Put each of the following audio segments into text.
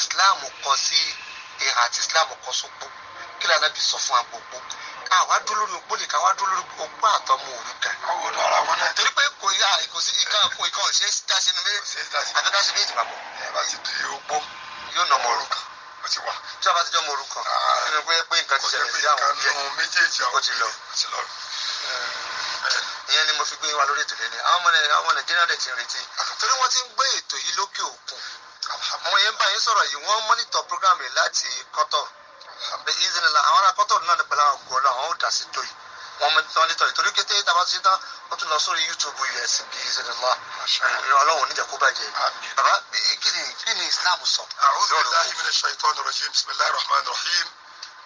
islam kọ sí ìhà àti islam kọ sópó kí lóò anábì sọ fún agbogbo káwá dúró lórí opó nìkan wá dúró lórí opó àtọmọ òrukàn. torí pé kò yá kò sí ìkan kò ìkan ò ṣe é dáṣe nu méjì àti dáṣe méjì papọ̀. yàrá ti di opó yóò nà ọmọ òrukàn ó ti wà. tí a bá ti jọ ọmọ òrukàn nínú ah, pé pé nǹkan ti ṣẹlẹ̀ sí àwọn ọ̀gẹ́ ó ti lọ. Eh, ìyẹn ni mo fi gbé wa lórí ètò lẹ́nu àwọn ọmọ nàìjíríà dẹ̀ ti retí torí wọ́n ti ń gbé ètò yìí lókè òkun mo yẹn bá yín sọ̀rọ̀ yìí wọ́n mọ́nítọ̀ program láti kọ́tọ̀ ìzìnlẹ̀ àwọn ará kọ́tọ̀ náà pẹ̀lú àwọn ògùn ọlọ́run ó dà sí tó yìí wọ́n mọ́nítọ̀ yìí torí kété tàbá sí tán ó tún lọ sórí youtube us bí ìzìnlẹ̀ ọlọ́run oníjà kó bàjẹ́ bàbá kí ni islam sọ. a'udhu billahi minash shaitanir rajim bismillahir rahmanir rahim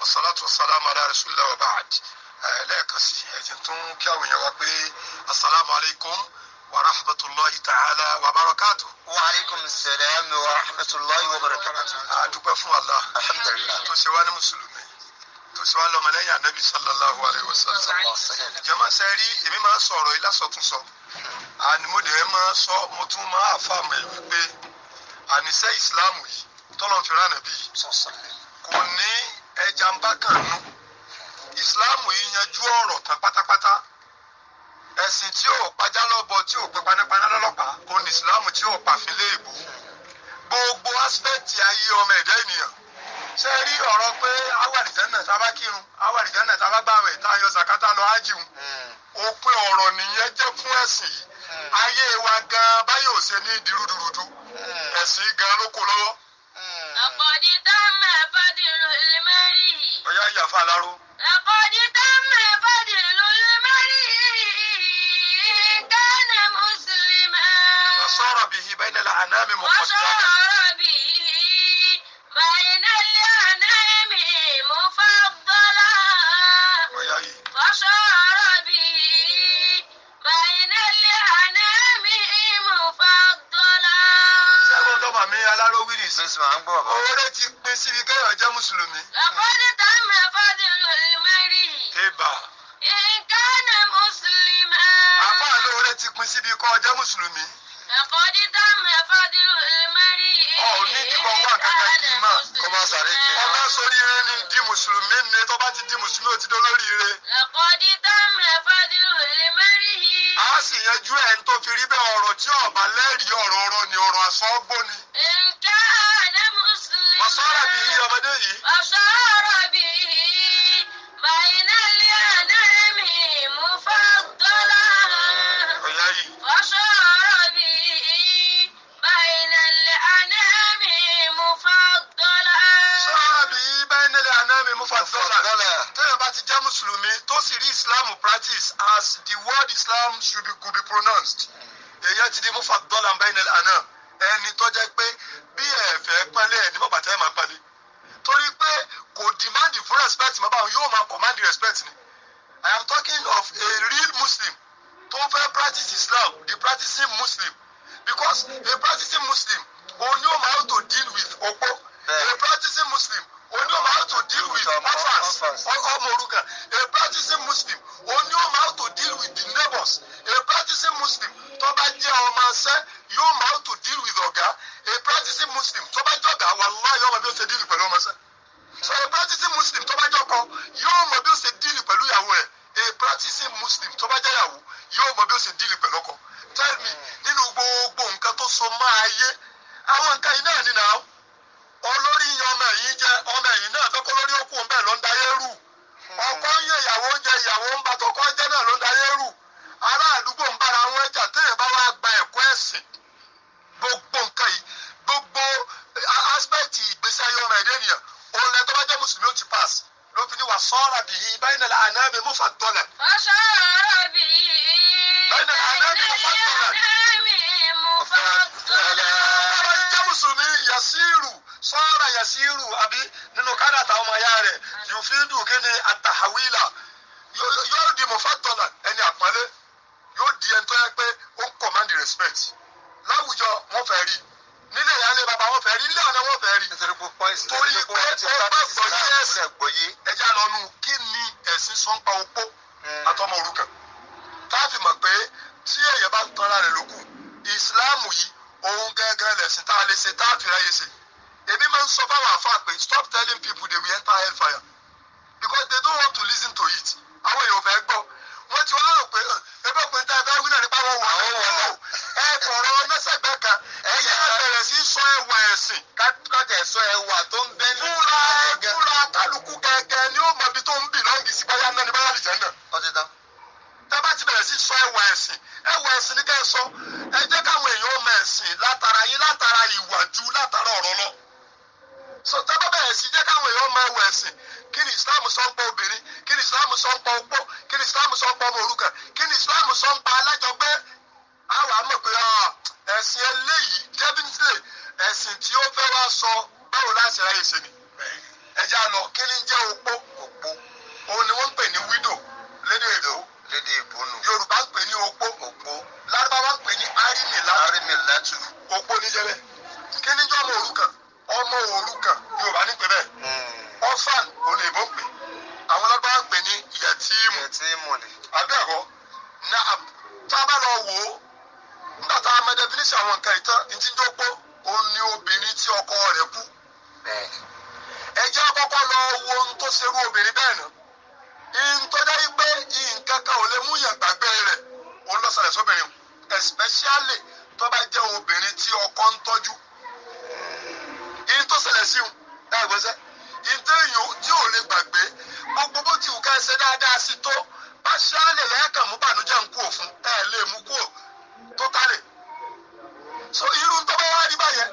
wasalaatu wasalaamu ala rasulillah wa ba'd lẹ́ẹ̀kan sí ẹ̀jẹ̀ tó ń kí àwọn èèyàn wa pé asalaamualeykum. As ورحمة الله تعالى وبركاته وعليكم السلام ورحمة الله وبركاته أدوبة فو الله الحمد لله تسوان مسلمين tòsíwá lọmọlẹ́yìn anabi sallallahu alayhi wa sallam jama sẹ́rí èmi máa sọ̀rọ̀ yìí lásọ̀túnsọ ànimọ́dé ẹ máa sọ mo tún máa fà mọ̀ ẹ́ wípé ànisẹ́ ìsìláàmù yìí tọ́lọ̀ fi rán nàbí kò ní ẹja ń bá kàn nù ìsìláàmù yìí yanjú ọ̀rọ̀ tán pátápátá ẹ̀sìn tí ò pajá lọ́bọ tí ò pe panápaná lọ́lọ́pàá kò ní ìsìláàmù tí ò pàfin gbogbo aspẹ́ẹ̀tì ayé ọmọ ẹ̀dá ènìyàn rí ọ̀rọ̀ pé awàrìjẹ́nà tábà kírun awàrìjẹ́nà tábà gbàwẹ̀ tá a yọ sàkátà lọ ájìun ọ̀rọ̀ nìyẹn jẹ́ fún ẹ̀sìn yìí ayé wa gan báyìí ò ṣe ní ẹ̀sìn gan ló kó lọ́wọ́. tá a وصار به بين الأنام مفججا وصار به بين الأنام مفضلا وصار به بين الأنام مفضلا sẹ́gun tó bàmí aláró wíìrì sí. oore ti pín síbi kéèyàn jẹ́ mùsùlùmí. lọ́kọ́dé tá a mẹ́ fọ́dúnrún ìmẹ́rì. ibà. nǹkan náà mùsùlùmí. àpá àlọ́ ti pín síbi kọ́ ọjọ́ mùsùlùmí ọ̀ní ìdíkọ̀ wà kankan kì í mà kọ́ máa sàré kiri. ọba sórí ire ni di mùsùlùmí ni tó bá ti di mùsùlùmí ó ti dó lórí ire. ẹ̀kọ́ di tẹ́mi ẹ̀fọ́ di rèé mẹ́rì yìí. a sì yanjú ẹ̀ ń tó fi rí bẹ́ẹ̀ ọ̀rọ̀ tí ọ̀bà lẹ́rìí ọ̀rọ̀ ọ̀rọ̀ ni ọ̀rọ̀ àsọ̀gbọ́n ni. nǹkan àdé mùsùlùmí. ọ̀sán as the word Islam should be could be pronounced èyàn ti di mufa dọ́là ń bá ẹni àná ẹni tó jẹ́ pé bí ẹ fẹ́ pálẹ̀ ẹni bàbá tẹ́ máa pálẹ̀ torí pé kò demand for respect bàbá òun yóò máa command respect ni I am talking of a real Muslim tó fẹ́ practice Islam the practicing Muslim because a practicing Muslim òun yóò máa to deal with opó a practicing Muslim ó ní ó how to deal with orphans ọmọ òrukàn a practicing muslim ó ní ó how to deal with the neighbors a practicing muslim tó bá jẹ́ ọmọ ṣẹ́ yóò máa how to deal with ọ̀gá a practicing muslim tó bá jẹ́ ọ̀gá wallahi yóò mọ bí ó ṣe deal pẹ̀lú ọmọ ṣẹ́ so a practicing muslim tó bá jẹ́ ọkọ yóò mọ bí ó ṣe deal pẹ̀lú ìyàwó ẹ̀ a practicing muslim tó bá jẹ́ ìyàwó yóò mọ bí ó ṣe deal pẹ̀lú ọkọ tell me nínú gbogbo nǹkan tó so máa yé àwọn nǹkan yìí náà nínú olórí ọmọ yìí jẹ ọmọ yìí náà fẹ́ kó lórí òkú ń ló ń dayé rú ọkọ ń yẹ ìyàwó ń jẹ ìyàwó ń bàtọ̀ kọ́ jẹ́ náà ló ń dayé rú ará àdúgbò ń bára wọn jà téèyàn bá wá gba ẹ̀kọ́ ẹ̀sìn sọ ẹwà ẹ̀sìn kájẹ ẹwà tó ń bẹ ní. kálukú mọ tó ń bì sí báyà náà ní báyà náà. ọtí tán. ti bẹ̀rẹ̀ sí sọ ẹwà ẹ̀sìn e ẹwà sọ ẹ e jẹ́ káwọn èèyàn látara yín látara ìwà ju látara ọ̀rọ̀ lọ. sọ bẹ̀rẹ̀ sí jẹ́ káwọn èèyàn ẹwà ẹ̀sìn kí ni Islam sọ ń pa obìnrin kí ni Islam ẹ̀sìn tí ó fẹ́ wá sọ báwo láti ráyè ṣe ni ẹja lọ kí ni jẹ́ opó opó òun ni wọ́n ń pè ní widow lédè èbó lédè èbó nù yorùbá ń pè ní opó opó lárúbáwá ń pè ní arímìlá arímìlátù opó níjẹ́ bẹ́ẹ̀ kí ni jọ́ ọmọ òrukàn ọmọ òrukàn yorùbá ní pè bẹ́ẹ̀ hmm. orphan òun ni èbó ń pè àwọn lárúbáwá ń pè ní yẹtíìmù yẹtíìmù ni àbí ẹ̀kọ́ tá wò ó nígbà tá ó ni obìnrin tí ọkọ rẹ̀ kú ẹ jẹ́ àkọ́kọ́ lọ wo ohun tó ṣerú obìnrin bẹ́ẹ̀ náà ntọ́jà yìí pé nǹkan kan ò lè mú yàn gbàgbé rẹ̀ òun lọ sọ̀rọ̀ sóbìnrin especially tó bá jẹ́ obìnrin tí ọkọ ń tọ́jú ìtọ́ ṣẹlẹ̀ sí un ẹ̀gbọ́n sẹ́ ìtẹ́ èèyàn tí ò lè gbàgbé gbogbo bó ti wù ká ẹsẹ̀ dáadáa sí tó bá ṣáà lẹ́ẹ̀kan mú bànújẹ́ ń kú òfun ẹ̀ lè mú kú so irú tó bá wá rí báyẹn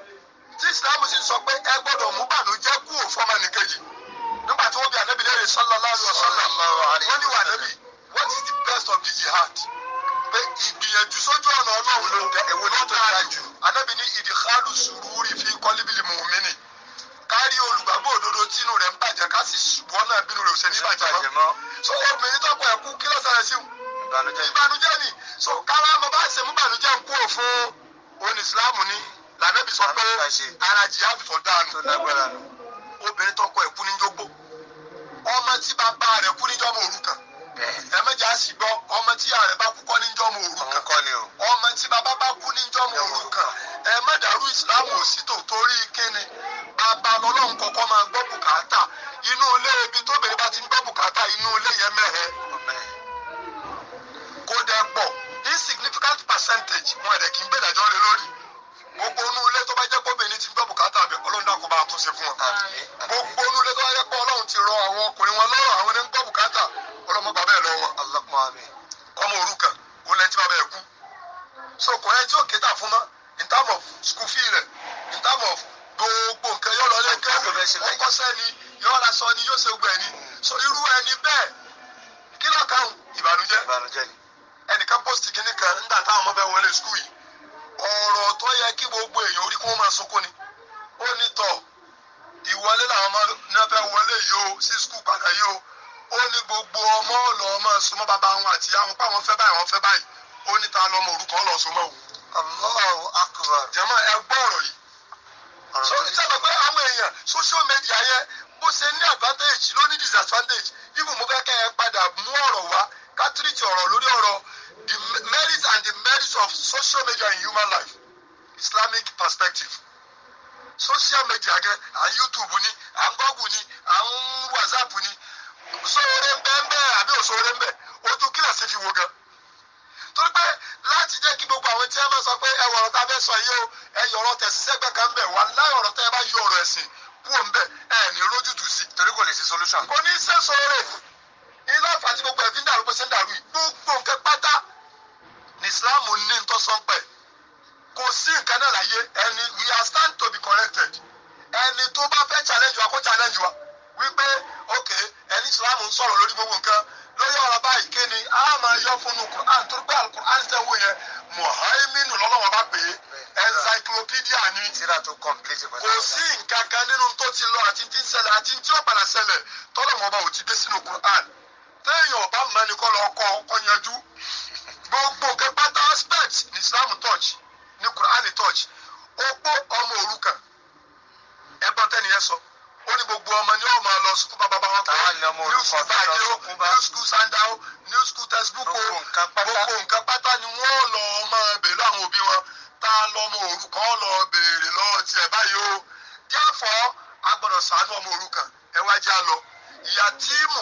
tí islam sì sọ pé ẹ gbọ́dọ̀ mú bànújẹ́ kú òfọmọ nìkejì nígbà tí wọ́n bí anabi lè sallallahu alaihi wasallam wọ́n ní wà anabi what is the best of the jihad pé ìgbìyànjú sójú ọ̀nà ọlọ́run ló tẹ ẹ̀wọ̀ ló dára jù anabi ní ìdíkàlù sùúrù fi kọ́líbìlì mùmínì kárí olùgbàgbọ́ òdodo tínú rẹ̀ ń bàjẹ́ ká sì wọ́n náà bínú rẹ̀ ò ṣe ní bàjẹ́ mọ́ so obìnrin tọ́pọ̀ ẹ̀kú kí lọ́sàn-án sí ìbànújẹ́ ni so káwọn ọmọ bá ṣe mú ìbànújẹ́ ń kú òfin òun islam ni lànàbí sọ pé ara jihadu tó dànù obìnrin tọkọ ẹ̀ kú níjógbó ọmọ tí bàbá rẹ̀ kú níjọ́ mọ̀ òrukàn ẹ̀mẹ́jà sì gbọ́ ọmọ tí ààrẹ bá kú kọ́ níjọ́ mọ̀ òrukàn ọmọ tí bàbá bá kú níjọ́ mọ̀ òrukàn ẹ̀mẹ́dàrú islam ò sí tò torí kíni bàbá lọ́lọ́run kọ́kọ́ máa gbọ́ bùkátà inú ilé ibi tóbìnrin bá ti ń gbọ́ bùkátà inú ilé yẹn mẹ́hẹ́ kó dẹ́ pọ̀ insignificant percentage wọn ẹ̀dẹ̀ kì í gbẹ̀dájọ́ lé lórí gbogbo onú ilé tó bá jẹ́ kó bìnrin ti ń gbọ́ bùkátà bẹ̀ ọlọ́run náà kó bá a tún ṣe fún wọn. gbogbo onú ilé tó bá jẹ́ kó ọlọ́run ti rọ àwọn ọkùnrin wọn lọ́rọ̀ àwọn ní ń gbọ́ bùkátà ọlọ́mọ bàbá ẹ̀ lọ́wọ́ ọmọ òrukàn ó lẹ́ntì bàbá ẹ̀ kú. so kò yẹ tí ó kéta fún mọ́ in term of school fee rẹ̀ in term of gbogbo nǹkan yóò lọ lé kẹ́kọ̀ọ́ ó kọ́sẹ́ ni yóò ra ni yóò ṣe gbẹ̀ ni mm. so irú ẹni bẹ́ẹ̀ kí lọ́kàn ẹnìkan post kínní kan nígbà tá ọmọ bẹ wọlé skul yìí ọ̀rọ̀ tó yẹ kí gbogbo èèyàn orí kí wọ́n máa sunkún ni ó ní tọ̀ ìwọlé làwọn ọmọ náà fẹ́ wọlé yìí o sí skul padà yìí o ó ní gbogbo ọmọ ọ̀lọ́ ọmọ súnmọ́ bàbá wọn àti àwọn pa wọn fẹ́ báyìí wọn fẹ́ báyìí ó ní ta lọmọ orúkọ ọlọ́ súnmọ́ o. Allahu akbar. jẹ́mọ́ ẹ gbọ́ ọ̀rọ̀ yìí. so sábà pé àwọn èèyàn social media yẹn bó ṣe ní advantage ló ní disadvantage ibùmọ̀fẹ́kẹ́ padà mú ọ̀rọ̀ wá kátírìtì ọ̀rọ̀ lórí ọ̀rọ̀ the merits and the merits of social media in human life islamic perspective social media gẹ à ń youtube ni à ń google ni à ń whatsapp ni sóore bẹ́ẹ̀ àbí òsóore bẹ́ẹ̀ ojú kílàsì fi wo gan torí pé láti jẹ́ kí gbogbo àwọn tí a máa sọ pé ẹ wọ̀rọ̀ tá a fẹ́ sọ yìí o ẹ yọ ọ̀rọ̀ tẹ̀sí sẹ́gbẹ̀ kan bẹ̀ wà láì ọ̀rọ̀ tẹ́ ẹ bá yọ ọ̀rọ̀ ẹ̀sìn kúrò ń ẹ ní rójútùú sí. torí kò lè ṣe solution. kò ní ìlàfà tí gbogbo ẹ̀fín dàrú bó ṣe ń dàrú yìí gbogbo nǹkan pátá ní Islam ní ń tọ́sán pẹ̀ kò sí nǹkan náà láyé ẹni we are stand to be corrected ẹni tó bá fẹ́ challenge wa kó challenge wa wípé ok ẹni Islam ń sọ̀rọ̀ lórí gbogbo nǹkan lórí ọ̀rọ̀ báyìí ké ni a máa yọ fún un Quran tó gbé Al-Quran tẹ̀ wò yẹn muhaiminu lọ́lọ́wọ́ bá pè é encyclopedia ni kò sí nǹkan kan nínú tó ti lọ àti tí ń ṣẹlẹ̀ àti tí ó padà ṣẹlẹ̀ tọ́lọ́mọba ò ti dé sínú Quran téèyàn ọba mẹni kọ lọ kọ ọkọ yanjú gbogbo kẹpẹtà aspect ní Islam touch ní Quran touch opó ọmọ òrukàn ẹgbọn tẹni yẹn sọ ó ní gbogbo ọmọ ni ó lọ sùkúl bàbá bá wọn kọ new school bàjẹ́ o new school sandal o new school textbook o gbogbo nǹkan pátá ni wọ́n lọ máa bèèrè àwọn òbí wọn tá a lọ ọmọ òrukàn lọ bèèrè lọ tiẹ̀ báyìí o díẹ̀ fọ́ agbọ́dọ̀ ṣàánú ọmọ òrukàn ẹ wá já lọ ìyá tíìmù.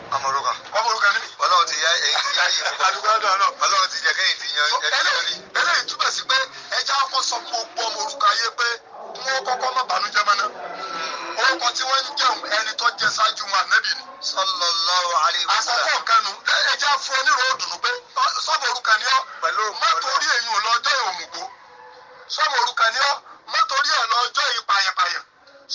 ọmọ òrukàn. ọmọ òrukàn ni. ọlọ́run ti yá èyí ti yá yìí. àdúgbò náà náà. ọlọ́run ti jẹ́ kéyìn ti yan ẹni. eléyìí túbọ̀ sí pé ẹja ọkọ sọ fún gbogbo ọmọ òrukàn ayé pé wọn kọ́kọ́ má bànújẹ́ mọ́ná. Hmm. orúkọ tí wọ́n ń jẹun ẹni tó jẹ ṣáájú wọn ànábì ni. sallallahu alaihi wasallam. àkọ́kọ́ ẹja fún onírò òdùnnú pé sọ́ọ̀bù òrukàn ni ọ́. pẹ̀lú mọ́tòrí èyí ò lọ́jọ́ òmùgbò sọ́ọ̀bù òrukàn ni ọ́ mọ́tòrí ẹ̀ lọ́jọ́ ìpàyàpàyà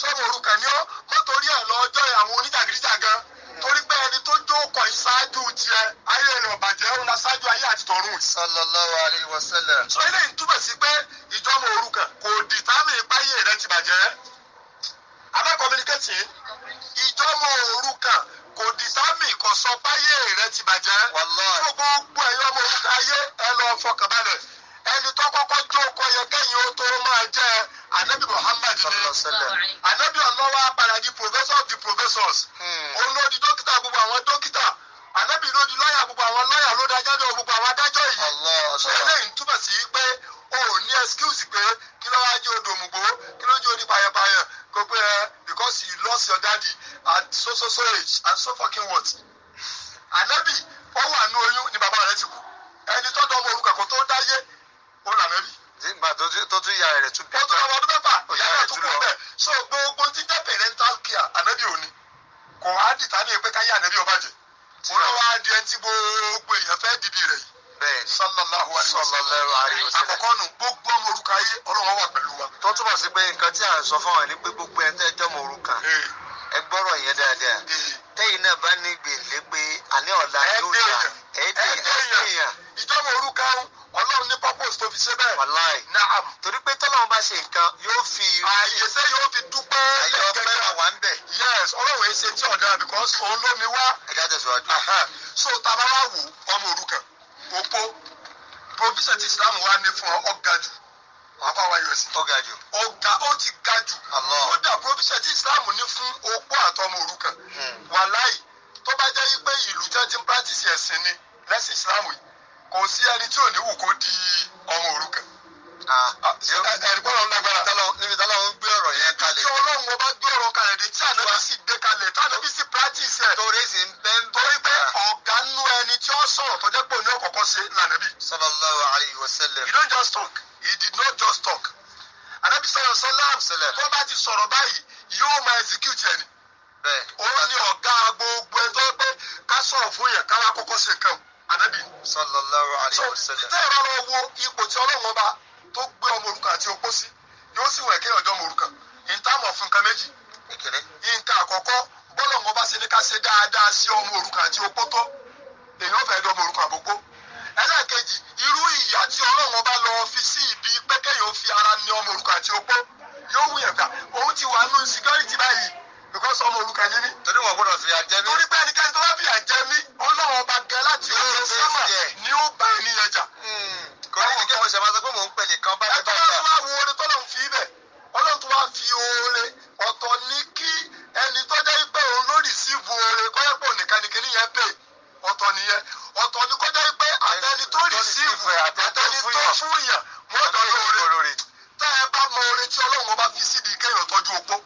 sọ́ọ̀bù òrukàn ni ọ́ mọ́tòrí ẹ̀ lọ́jọ́ àwọn oníjàgídíjàgan torí pé ẹni tó jókòó ìsáájú jẹ ayé rẹ̀ ọ̀bàjẹ́ òun sáájú ayé àti tọ̀run. sallallahu alayhi wa sallam. sọ eléyìí túbọ̀ sí pé ìjọba òrukàn kò dìtámì ìpáyé rẹ̀ ti bàjẹ́ abẹ́ communication ìjọba kò dìtámì kò sọ báyé rẹ̀ ti bàjẹ́. wàlláhì. ẹ̀yọ́ ọmọ òrukàn ayé ẹ lọ fọkànbalẹ̀ ẹni tó kọ́kọ́ jó kọ yẹ kẹ́yìn ó tó máa jẹ́ anabi muhammad ní anabi ọlọ́wọ́ apara di professor of the professors hmm. òun ló di dókítà gbogbo àwọn dókítà anabi ló di lọ́yà gbogbo àwọn lọ́yà ló dájọ́ lọ gbogbo àwọn adájọ́ yìí eléyìí túmọ̀ sí pé o ò ní excuse pé kí ló wá jẹ́ odò òmùgbò kí ló jẹ́ odi payapaya kó eh, because you lost your daddy at so so so age and so fucking what anabi ó wà ní oyún ni bàbá rẹ ti kú ẹni tó dọ́ ọmọ orúkọ kó tó dáyé ó là mẹ́bí. nígbà tó tún ya rẹ̀ tún bẹ́ẹ̀. ó tún ọmọ ọdún mẹ́fà ìyá rẹ̀ tún lọ. so gbogbo ti jẹ́ parental care ànábì òní kò wá dì tá ní pé ká yá ànábì ọba jẹ. ó lọ wá di ẹni tí gbogbo èèyàn fẹ́ dìbì rẹ̀ yìí. bẹ́ẹ̀ni sallallahu alayhi wa sallam àkọ́kọ́ nù gbogbo ọmọ òrukàn ayé Ọlọ́run wà pẹ̀lú wa. tó túbọ̀ sí pé nǹkan tí à ń sọ fún wa ni pé gbogbo ẹ̀ tẹ́ jọmọ òrukàn ẹ gbọ́rọ̀ yẹn dáadáa tẹ́yìn náà bá ní gbèlè pé àní ọ̀la yóò ta ẹ̀ẹ́dẹ̀yàn ìjọba òrukàn ọlọ́run ní purpose tó fi ṣe bẹ́ẹ̀. wàláì naam torí pé tọ́lọ́run bá ṣe nǹkan yóò fi. àyẹ̀sẹ̀ yóò fi dúpẹ́ ẹ̀kẹ́kẹ́ wà ń bẹ̀. yes ọlọ́run yìí tí ọ̀dà because òun ló mi wá. ẹ̀dá tẹ̀síwájú. so tàbá wá wò ọmọ òrukàn opó provision ti islam wá ní fún ọ jù wàá wa yọ sí. ọ̀gá jù. ọ̀gá ó ti ga jù. kódà provision ti islam ní fún opó àtọmọ òrukàn. Hmm. wàláì tó bá jẹ́ pé ìlú jẹ́ ti ń practice ẹ̀sìn ni lẹ́sìn islam yìí kò sí ẹni tí ò ní wù kó di ọmọ òrukàn. Ah, ah, ẹ̀rígbọ́n lọ níbi táwọn ń gbé ọ̀rọ̀ yẹn kalẹ̀. tí ọlọ́run ọba gbé ọ̀rọ̀ kalẹ̀ dé tí ànábì sì gbé kalẹ̀ tí ànábì sì practice ẹ̀. torí sì ń bẹ́ ń torí pé ọ̀gá nú ẹni tí ó sọ̀rọ̀ tó pé òní ọ̀kọ̀ọ̀kọ́ ṣe lànàbì. sallallahu alayhi wa sallam. he don't just talk he did not just talk. ànábì sallallahu alayhi wa sallam. tó bá ti sọ̀rọ̀ báyìí yóò máa execute ẹni. bẹ́ẹ̀. òun ni ọ̀gá gbogbo ẹjọ́ pé ká anabi sallallahu alayhi wa sallam. ìtẹ́ ìbá lọ wo ipò tí ọlọ́run ọba tó gbé ọmọ òrukàn àti opó sí ni ó sì wọ̀ ẹ̀kẹ́ ọjọ́ ọmọ òrukàn ìtààmọ̀ fún nǹkan méjì àkọ́kọ́ bọ́lọ́run ọba ṣe ní ká ṣe dáadáa sí ọmọ òrukàn àti opó èèyàn fẹ́ dọ́mọ òrukàn àbókó ẹlẹ́ẹ̀kejì irú tí ọmọ òrukàn àti opó yóò gbà òun because ọmọ òrukàn ni mí. torí wọn gbọ́dọ̀ fìyà jẹ mí. torí pé ẹnikẹ́ni tó bá fìyà jẹ mí ọlọ́run ọba gan láti ọjọ́ sẹ́mà ni ó bá ènìyàn jà. Hmm. kò ní kí mo ṣe máa sọ pé mò ń pè nìkan bá mi bá jà. ẹ tó wá wo oore tọ́lọ̀ ń fi ibẹ̀ ọlọ́run tó wá fi oore ọ̀tọ̀ ní kí ẹni tó jẹ́ pé òun ló receive oore kọ́ yẹ pé òǹkan nìkan nìyẹn pè ọ̀tọ̀ nìyẹn ọ̀tọ̀ ni kọjá pé àtẹni tó receive àtẹni tó fún yàn mọ́tò lóore tá ẹ bá mọ oore tí ọlọ́run ọba fi síbi kéèyàn tọ́jú opó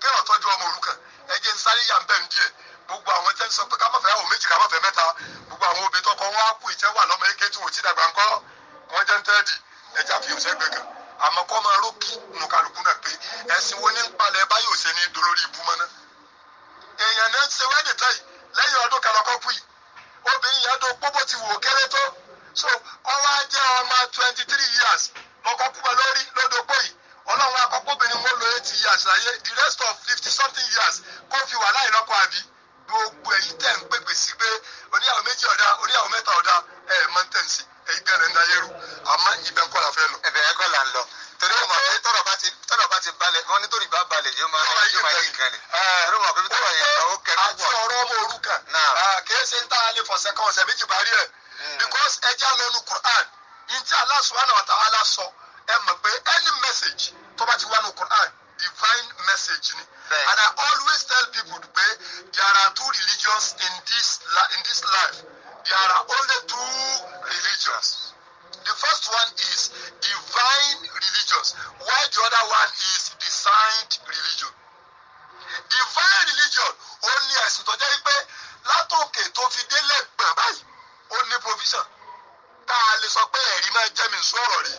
kéèyàn tọ́jú ọmọ òrukàn ẹ jẹ́ ń sáré yà ń bẹ̀ ń díẹ̀ gbogbo àwọn tẹ́ ń sọ pé ká má fẹ́ àwọn méjì ká má fẹ́ mẹ́ta gbogbo àwọn obìnrin tọkọ wọn á kú ìtẹ́ wà lọ́mọ eke tí wò ti dàgbà ńkọ́ wọn jẹ́ ń tẹ́ẹ̀dì ẹja fi òṣè gbẹ kan àmọ́ kọ́ máa rókì nù kálukú náà pé ẹ̀sìn wo ní ń palẹ̀ báyìí òṣè ní dolórí ibú mọ́ ná. èèyàn náà ṣe wẹ́ẹ̀dì tán yìí lẹ́yìn ọdún kan lọ́kọ́ kú yìí obìnrin yẹn tó gbogbo ti ọlọ́run àkọ́kọ́ obìnrin wọn lo eighty years láyé the rest of fifty something years kó fi wà láì lọ́kọ àbí gbogbo ẹ̀yin tẹ̀ ń pèpè sí pé oníyàwó méjì ọ̀dà oníyàwó mẹ́ta ọ̀dà ẹ̀ mọ́ntẹ́ǹsì èyí bẹ̀rẹ̀ ń da yẹ́rù àmọ́ ibẹ̀ ń kọ́ la fẹ́ lọ. ẹ̀bẹ̀ ẹ̀kọ́ là ń lọ torí wọn mọ̀ pé tọ́rọ̀ bá ti tọ́rọ̀ bá ti balẹ̀ wọn nítorí bá balẹ̀ yóò máa yóò máa yí nǹkan ni. torí wọn pé tọ́rọ̀ yẹn ó kẹnu wọ̀. àti ọ̀rọ̀ ọmọ òrukàn kìí ṣe ń tá a lè fọ̀sẹ̀ kan ọ̀sẹ̀ méjì bá rí ẹ̀ mm. because ẹja lẹnu Quran ní tí Allah subhanahu wa ta'ala sọ ẹ mọ̀ pé any message tó bá ti wà ní Quran divine message ni and I always tell people pé there are two religions in this in this life there are only two religions the first one is divine religions while the other one is designed religion divine religion ó ní ẹ̀sìn tó jẹ́ pé látòkè tó fi délẹ̀ gbọ̀n báyìí ó ní provision tá a lè sọ pé ẹ̀rí máa jẹ́ mi sọ̀rọ̀ rèé.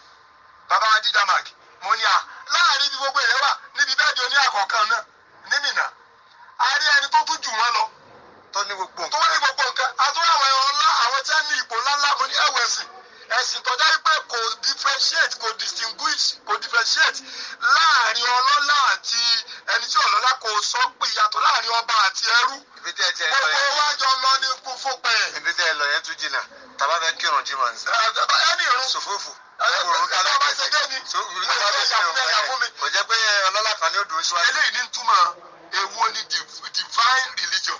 Baba wa dídá mark mo ní à láàrin ibi gbogbo ìrẹ́ wà níbi bẹ́ẹ̀dì oní àkọ́kàn náà ní Mínà a rí ẹni tó tún jù wọ́n lọ tó ní gbogbo nǹkan a tún àwọn ẹ̀rọ ńlá àwọn tí wọ́n ní ipò ńláńlá mo ní ẹ̀wẹ̀sì ẹ̀sìn tọ́já wípé kò differentiate kò distinguish kò differentiate láàrin ọlọ́lá àti ẹni tí ọlọ́lá kò sọ pé ìyàtọ̀ láàrin ọba àti ẹrú gbogbo wájọ lọ ní kú fúnpẹ́. ibi tẹ́ ẹ lọ yẹn tún jìnnà tàbá fẹ́ kírun jí máa ń sá. ẹni ìrún sòfófò kò jẹ́ pé ọlọ́lá kan ní ó dùn síwájú. eléyìí ní túmọ̀ èwo ni divine religion.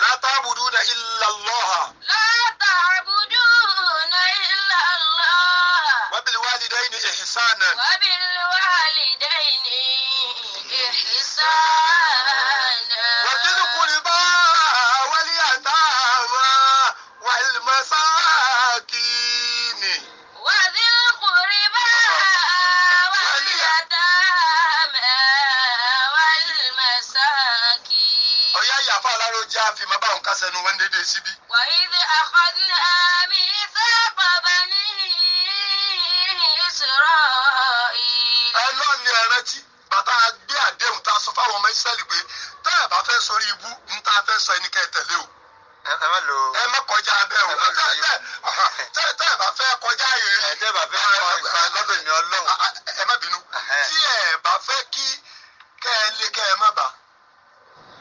لا تعبدون إلا الله لا تعبدون إلا الله وبالوالدين إحسانا وبالوالدين إحسانا gye afe maba wo nkasa no wɔndede si bi وإذ أخذنا ميثاق بني إسرائيل ẹlọ́ọ̀ ni ẹrántí bàtà gbé àdéhùn tá a sọ fáwọn ọmọ Ísírẹ́lì pé tá a bá fẹ́ sọrí ibú ní tá a fẹ́ sọ ẹni kẹtẹ̀lé o ẹ má lo ẹ má kọjá abẹ́ o tẹ́ tẹ́ bá fẹ́ kọjá yẹn ẹ tẹ́ bá fẹ́ kọjá lọ́dọ̀ mi Ọlọ́run ẹ má bínú tí ẹ bá fẹ́ kí kẹ́ ẹ lé kẹ́ ẹ má bàa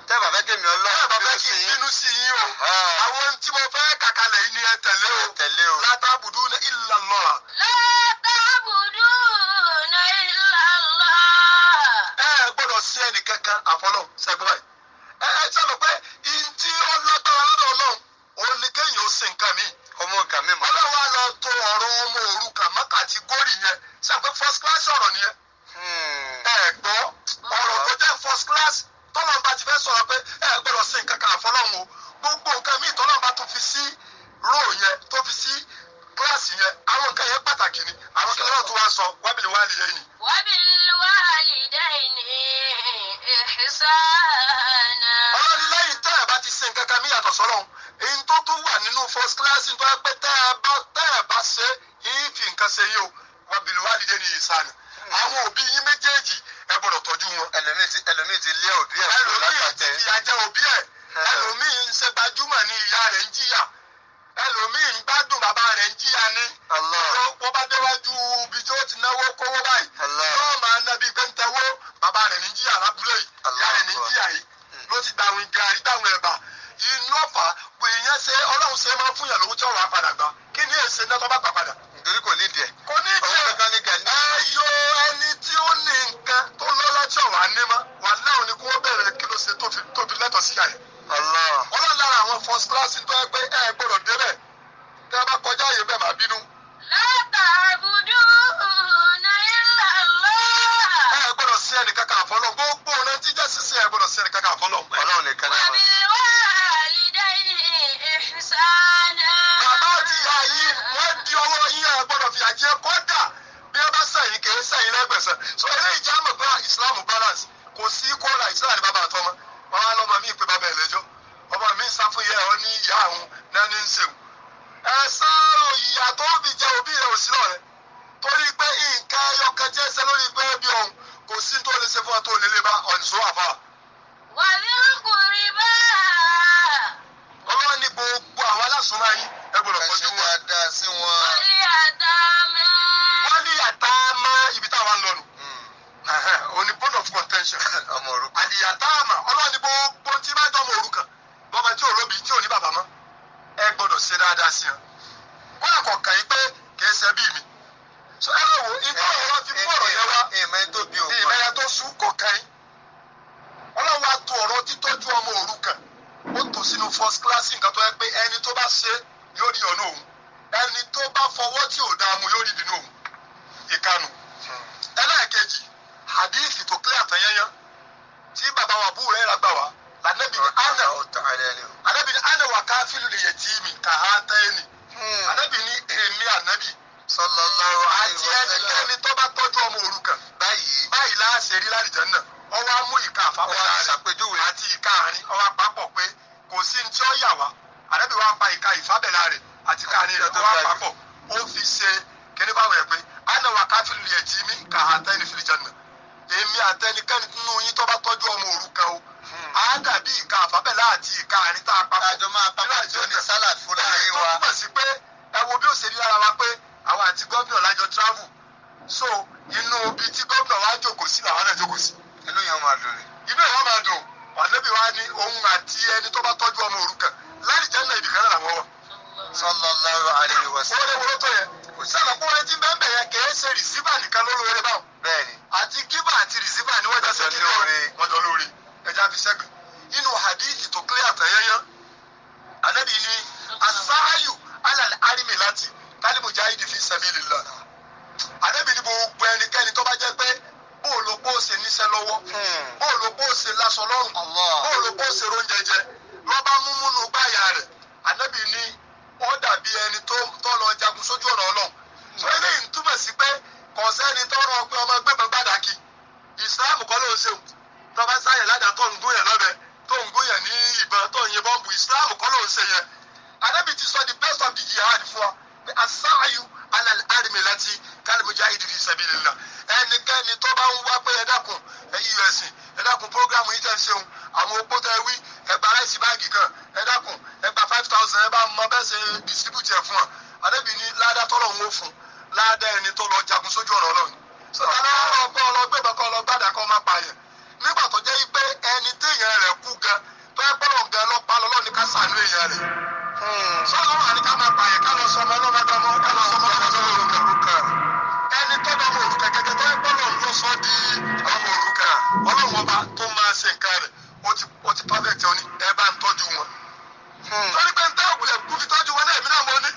tẹ́ bàbá kémi ọlọ́run bínú sí yín. bínú sí yín o. Ah. àwọn tí mo fẹ́ kàkálẹ̀ yìí ni ẹ tẹ̀lé o. tẹ̀lé o. látàbùdú ní ìlànà. látàbùdú ní ìlànà. ẹ gbọ́dọ̀ sí ẹnì kankan àfọlọ́ sẹ́gbọ́n ẹ̀. ẹ ẹ sẹ́nu pé ìdí ọlọ́tọ̀ ọlọ́dọ̀ ọlọ́run òun ni kéèyàn ó sin nǹkan mi. ọmọ nǹkan mi mọ. ọlọ́wà lọ tó ọ̀rọ̀ ọmọ òrukàn mọ́ kàtígórì yẹn sẹ́nu first class ọ̀rọ̀ nìyẹn. Hmm. ẹ gbọ́ ọ̀rọ̀ tó jẹ́ first class tọ́lọ́n bá ti fẹ́ sọ̀rọ̀ pé ẹ gbọ́dọ̀ sin kankan àfọlọ́run o gbogbo nǹkan míì tọ́lọ́n bá tó fi sí róò yẹn tó fi sí kíláàsì yẹn àwọn nǹkan yẹn pàtàkì ni àwọn kí lọ́wọ́ tó wá sọ wábìlì wá lè yẹn. wábìlì wá lè dẹ́yìn ní ìṣáná. ọlọ́ni lẹ́yìn tẹ́ ẹ̀ bá ti sin kankan míì yàtọ̀ sọ́lọ́run tó yẹ pé ẹ gbọ́dọ̀ débẹ̀ tẹ́ bá kọjá yìí bẹ́ẹ̀ máa bínú. látàbùdú náírà lọ. ẹ gbọ́dọ̀ sí ẹnì kankan àfọlọ́ gbogbo rẹ tí sísè ẹ gbọ́dọ̀ sí ẹnì kankan àfọlọ́ ọlọ́run nìkan náà. wàbíwá bàbá àti ìyá yìí wọ́n di ọwọ́ yín ẹ gbọ́dọ̀ fìyà jẹ kọ́dà bí ẹ bá sẹ́yìn kì í sẹ́yìn lẹ́gbẹ̀sẹ̀ so eléyìí já mọ̀ pé Islam balance kò sí kọ́ra Islam bàbá àtọ́mọ́ bàbá lọ́mọ mi pé bàbá ẹ̀ lẹ́jọ́ ɔne nsafo yɛ ɔne yaa ho na ne nsɛm ɛsɛ ìyá tó fi jẹ òbí rẹ ò sí náà rẹ torí pé nǹkan ẹyọ kẹjẹ lórí pé bí òun kò sí tó lè ṣe fún ọ tó lè lè bá ọ̀nìṣó àfà. wàbí ọkùnrin bá. ọlọ́run ní gbogbo àwọn aláṣọmọ yín ẹ gbọ́dọ̀ fojú wọn. ẹ ṣe dáadáa sí wọn. wọ́n ní àtà mọ́. ibi táwa ń lọ nù. Hmm. òní bone of contention. ọmọ òrukàn. àdìyàtà mọ́ ọlọ́run ní gbogbo tí bá jọ ọmọ òrukàn bọ́mọ tí ò lóbi tí ò ní bàbá mọ́ ẹ gbọ́dọ̀ ṣe dáadáa sí ọ wọn àkọkàn yìí pé kì í ṣe bí mi so ẹ lọ wo ìgbà wo wọn fi mú eh, ọ̀rọ̀ yẹn eh, wá eh, ìmẹ̀yà tó sùn kọ̀ọ̀kan yìí ọlọ́wọ́ àtò ọ̀rọ̀ títọ́jú ọmọ òrukàn ó tò sínú first class nǹkan tó yẹ pé ẹni tó bá ṣe yóò rí ọ̀nà òun ẹni tó bá fọwọ́ tí ò dáa mu yóò rí ìdùnnú òun ìkànnù ẹlẹ́ẹ̀kejì hadith tó clear àtẹ̀yẹyẹ tí bàbá wa bú rẹ̀ rà gbà anabi ana anabi ni ana wa káfílù lè yẹ tìmí ka ha tẹ́ ni anabi hmm. ni èmi anabi sallallahu àti ẹnikẹ́ni tó bá tọ́jú ọmọ òrukàn báyìí báyìí láṣẹ rí lálìjẹ́ náà ọwọ́ amú ìka àfàbọ̀lá rẹ̀ àti ìka àárín ọwọ́ àpapọ̀ pé kò sí ní tí ó yà wá anabi wa pa ìka ìfábẹ́lá rẹ̀ àti ìka àárín rẹ̀ ọwọ́ àpapọ̀ ó fi ṣe kíní báwọn ẹ̀ pé ana wa káfílù lè yẹ tìmí ka ha tẹ́ ni fil janna èmi àtẹnikẹ́ni nínú yín tó bá tọ́jú ọmọ òrukàn o hmm. a dàbí ìka àfábẹ́lá àti ìka àárín tá a papọ̀ àjọ máa papọ̀ ní fún pé ẹ wo bí ó wa pé àwọn àti gómìnà lájọ travel so inú obi tí gómìnà wa sí làwọn náà sí. inú yẹn máa dùn ni. inú yẹn máa dùn wa ni òun àti ẹni tó bá tọ́jú ọmọ sallallahu alayhi wa sallam. wọ́n lè wọ́n tó yẹ kò sí àlọ́kùn rẹ tí bẹ́ẹ̀ bẹ̀yẹ kì í ṣe rìsíbà nìkan lórí oore báwọn. bẹ́ẹ̀ni. àti gíbà àti rìsíbà ni wọ́n jọ ṣe kí wọ́n jọ lórí ẹja fi ṣẹ́gun inú hadithi tó clear àtẹ̀yẹ́yẹ́ anabi ni asaayu alal arimi lati talimu jahidi fi sabilillah anabi ni gbogbo ẹnikẹ́ni tó bá jẹ́ pé bóòlù bó ṣe níṣẹ́ hmm. bóòlù bó ṣe láṣọ bóòlù bó ṣe róúnjẹ múmúnú gbáyà rẹ̀ anabi ni ó dàbí ẹni tó tó lọ jagun sójú ọ̀nà ọlọ́run so eléyìí ń túmọ̀ sí pé kọ̀ọ̀sẹ́ni tọrọ pé ọmọ ẹgbẹ́ mi gbàdàkì ìsìláàmù kọ́ ló ń ṣeun tọ́ba sáyẹ̀ ládàá tó ń gún yẹn lọ́bẹ̀ tó ń gún yẹn ní ìbọn tó ń yẹ bọ́ọ̀bù ìsìláàmù kọ́ ló ń ṣe yẹn anábì ti sọ the best of the jihad fún wa pé asáàyù alal arimi láti kálímùjáìdì fi sabilillah ẹnikẹ́ni tó bá ń wá pé ẹ dákun ẹ̀yìn ẹ̀sìn ẹ dákun prógrámù yìí tẹ̀ ṣeun àwọn opó tẹ wí ẹ gba ráìsì báàgì kan ẹ dákun ẹ gba five thousand ẹ mọ bẹ́ẹ̀ ṣe distribute ẹ̀ fún ọ àdébí ni ládá tọ́lọ̀ ń wò fún ládá ẹni tó lọ jagun sójú ọ̀nà ọlọ́run sọ̀rọ̀ náà ọkọ ọlọgbẹ́bẹ̀ kọ́ ọlọgbàdà kọ́ má pààyàn nígbà tó jẹ́ pé ẹni téèyàn rẹ̀ kú gan tó ẹ gbọ́dọ̀ gan lọ lọ́lọ́ ní ká sàánú èèyàn rẹ̀ sọ́dọ̀ wà ní ká má pààyàn ká lọ sọmọ ọlọ́mọdọ́mọ ká lọ sọmọ ọlọ́mọdọ́mọ òrùka ẹni tó ó ti perfect ọ ní ẹ bá ń tọ́jú wọn. Hmm. torí pé ń tẹ́ òkúlẹ̀ kú fi tọ́jú wọn náà èmi náà mọ ní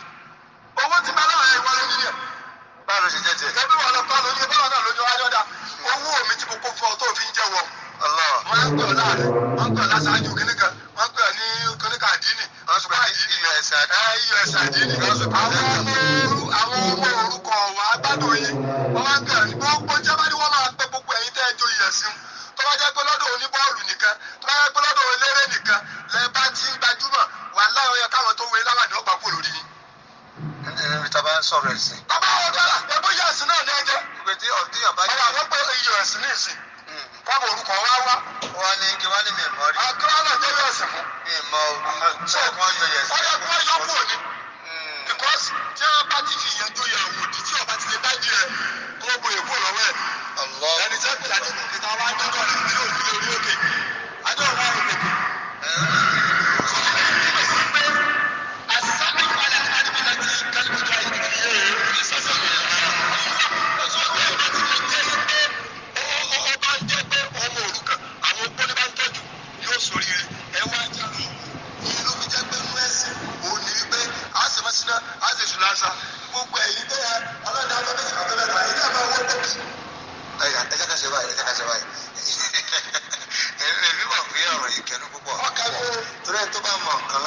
owó ti bá láwọn ẹ̀wọ̀n lórí rẹ̀. báwo ló ṣe jẹ́ tiẹ̀. ẹbí wọn lọ bá lórí báwọn náà lójú wájú ọ̀dà owó mi ti kókó fún ọ tó fi ń jẹ́ wọ. wọ́n ń pè ọ́ láàrin wọ́n ń pè ọ́ láṣáájú kíníkan wọ́n ń pè ọ́ ní kíníkan àdínì àwọn ọmọ orúkọ wa gbádùn yìí wọ́n wá ń bẹ̀rẹ̀ ní gbogbo jẹ́ bá ní wọ́n máa pẹ́ gbogbo ẹ̀yin tẹ́ ẹ jó ìyẹ̀sìn tó bá jẹ́ pé lọ́dọ̀ oníbọ́ọ̀lù nìkan tó jẹ́ pé lọ́dọ̀ eléré nìkan lẹ bá gbajúmọ̀ wà láwọn yẹ káwọn tó wé láwàdí ọgbà kúrò lórí ni. tàbá sọ̀rọ̀ ẹ̀sìn. bàbá wọn dọ́là ẹgbẹ́ yẹ ẹ̀sìn náà ní ìgbè tí ọ̀dí ọ̀bá yẹ. ọ̀rọ̀ pé iyọ̀ ẹ̀sìn ní ìsìn. káwọn hmm. orúkọ wá wá. wọn ní kí wọn ní mi mọ rí. àkàrà náà jẹ́ ẹni tó ti àdéhùn kìtà wá dọ́kọ̀ ní orí òkè adéhùn wá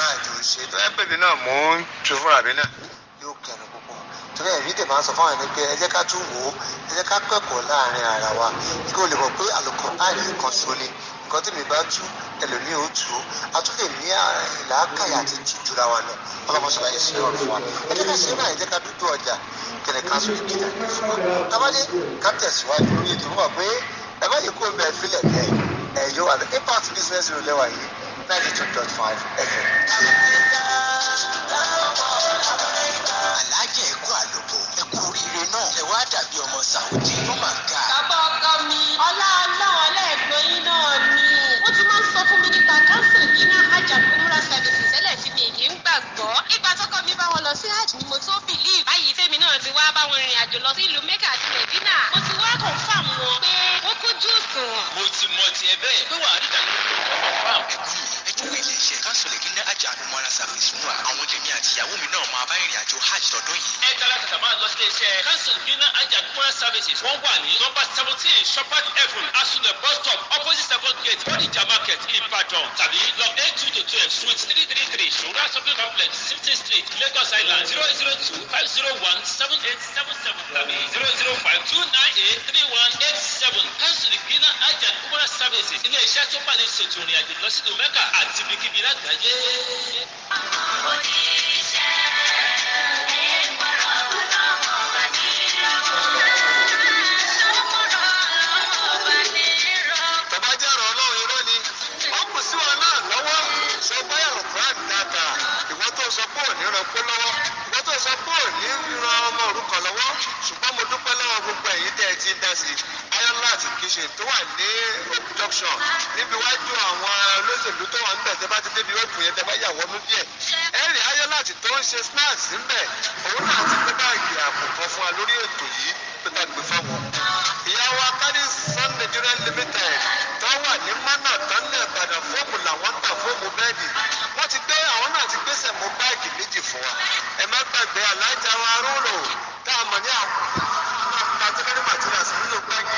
náà jò ṣe tó ẹ pèmí náà mò ń tu fúnra mi náà yóò kẹrin púpọ̀ torí ẹ̀rí tèmi sọ fún àwọn ẹni pé ẹ jẹ́ ká tún wò ó ẹ jẹ́ ká kẹ́kọ̀ọ́ láàrin ara wa kí o lè mọ̀ pé àlùkò báyìí nǹkan so ni nǹkan tí mi bá tú ẹlòmíì ó tú a tún lè ní làákàyà àti jùjúra wa lọ ọlọmọṣọlá yẹn sí ọ̀rọ̀ wa ẹ jẹ́ ká ṣe náà ẹ jẹ́ ká dúdú ọjà kẹlẹ̀ ká sọ ìkìlẹ̀ fún wa tábàdé ká tẹ̀síwájú lórí ètò wọn pé ẹ má yẹ kó bẹ́ẹ̀ fílẹ̀ bẹ́ẹ̀ ẹ̀yọ́ àti impact business rẹ̀ lẹ́wà yìí 92.5 FM. alájà ẹ̀kú àlòbò oríire náà ẹ̀ wá dàbí ọmọ sàwùdí ló máa ga. bàbá ọkọ mi ọlá aláwọ̀ lẹ́ẹ̀gbọ́n yín náà ni. wọ́n ti máa ń sọ fún mi nípa káńsìl yìí náà ajá kúmúra tí mi kì í gbàgbọ́. nígbà tọkọ mi bá wọn lọ sí hajj ni mo tó bìlíì. báyìí fẹ́mi náà ti wá bá wọn rìn àjò lọ sí ìlú mẹ́kà àti mẹ̀dínà. mo ti wá kàn fáwọn pé ó kójú òṣùwọ̀n. mo ti mọ tiẹ̀ bẹ́ẹ̀ pé wàá rí ẹjọ́ ilé iṣẹ́ kánsọ̀lẹ̀ kí ní àjà àmúmọ́ra service fún wa àwọn lèmi àti ìyàwó mi náà máa bá ìrìn hajj lọ́dún yìí. ẹ tara tata máa lọ sílé iṣẹ́ council mina ajaguma services wọ́n wà ní nọ́mbà seventeen shepherd heaven asunle bus stop opposite seven gate bodija market Ìbàdàn tàbí log eight two to twelve suite three three three ṣùgbọ́n shopping complex sixteen street Lagos Island zero zero two five zero one seven eight seven seven tàbí zero zero five two nine eight three one eight seven council mina ajaguma services ilé iṣẹ́ tó bá lè ṣètò ìrìn àjò lọ sí ìlú Mẹ́kà àti ibikíbi lágbàáyé. òṣìṣẹ́. ràn kó lọ́wọ́ wọ́n tó sọ pé òní ran ọmọ òrukàn lọ́wọ́ ṣùgbọ́n mo dúpẹ́ lọ́wọ́ gbogbo ẹ̀yin tẹ́ ẹ ti dá sí ayọ́láàtì kìsìn tó wà ní junction níbi wájú àwọn olóṣèlú tó wà níbẹ̀ tẹ́ bá ti débi wọ́pù yẹn tẹ́ bá yà wọ́nú díẹ̀ ẹ̀rì ayọ́láàtì tó ń ṣe snacks níbẹ̀ òun náà ti gbé báàgì àpò fún wa lórí ètò yìí pé ká fáwọn. ìyá wa kárí sun nigeria limited tó wà ní mọ́nà tán ní ìbàdàn fóòmù làwọn tà fóòmù bẹ́ẹ̀dì wọ́n ti gbé náà ti gbèsè mú báàgì méjì fún wa ẹ má gbàgbé alájà wa rúrò tá a mọ̀ ní àwọn àti kẹ́rìmà tí a sì nílò báàgì.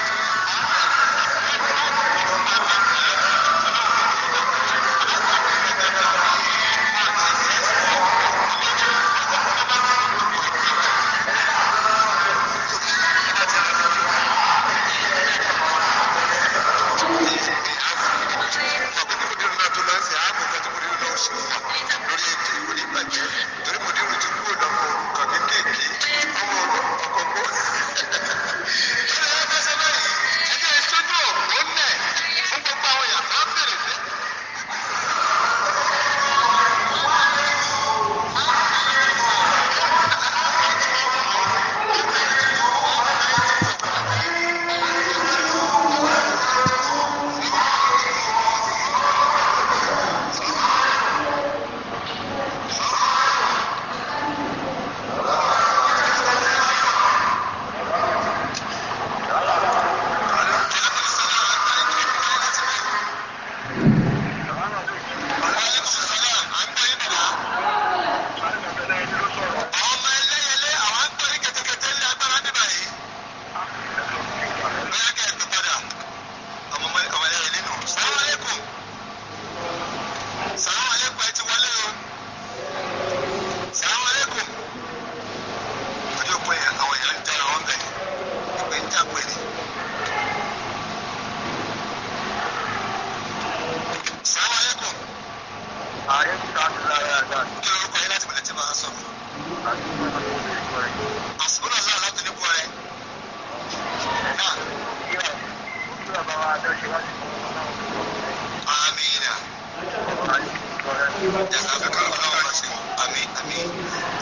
Jazakallahu khairan. Àmín àmín.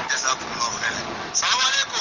Jazakumullahu khairan. Salamu alaikum.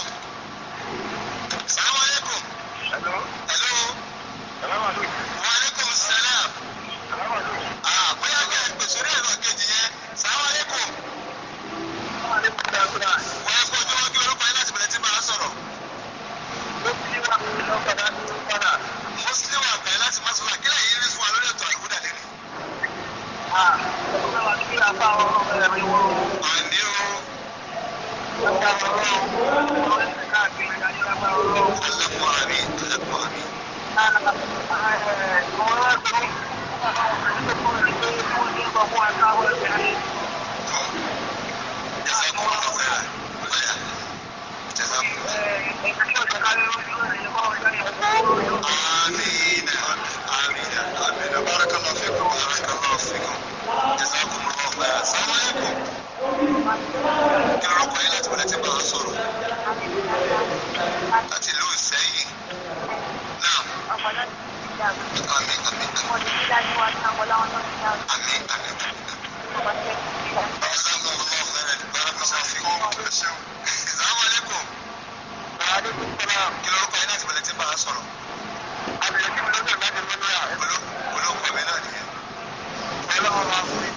irú ọkùnrin láti bọ̀dẹ̀ tí bá a sọ̀rọ̀ láti ìlú Ìṣẹ́yìn náà àmì àmì àmì àmì. sọ̀rọ̀. Abìlẹ̀ tí mo lọ́dọ̀ láti mọ́nú yà. Olóko mi náà nìyẹn. Ẹ lọ́wọ́ wa fún mi.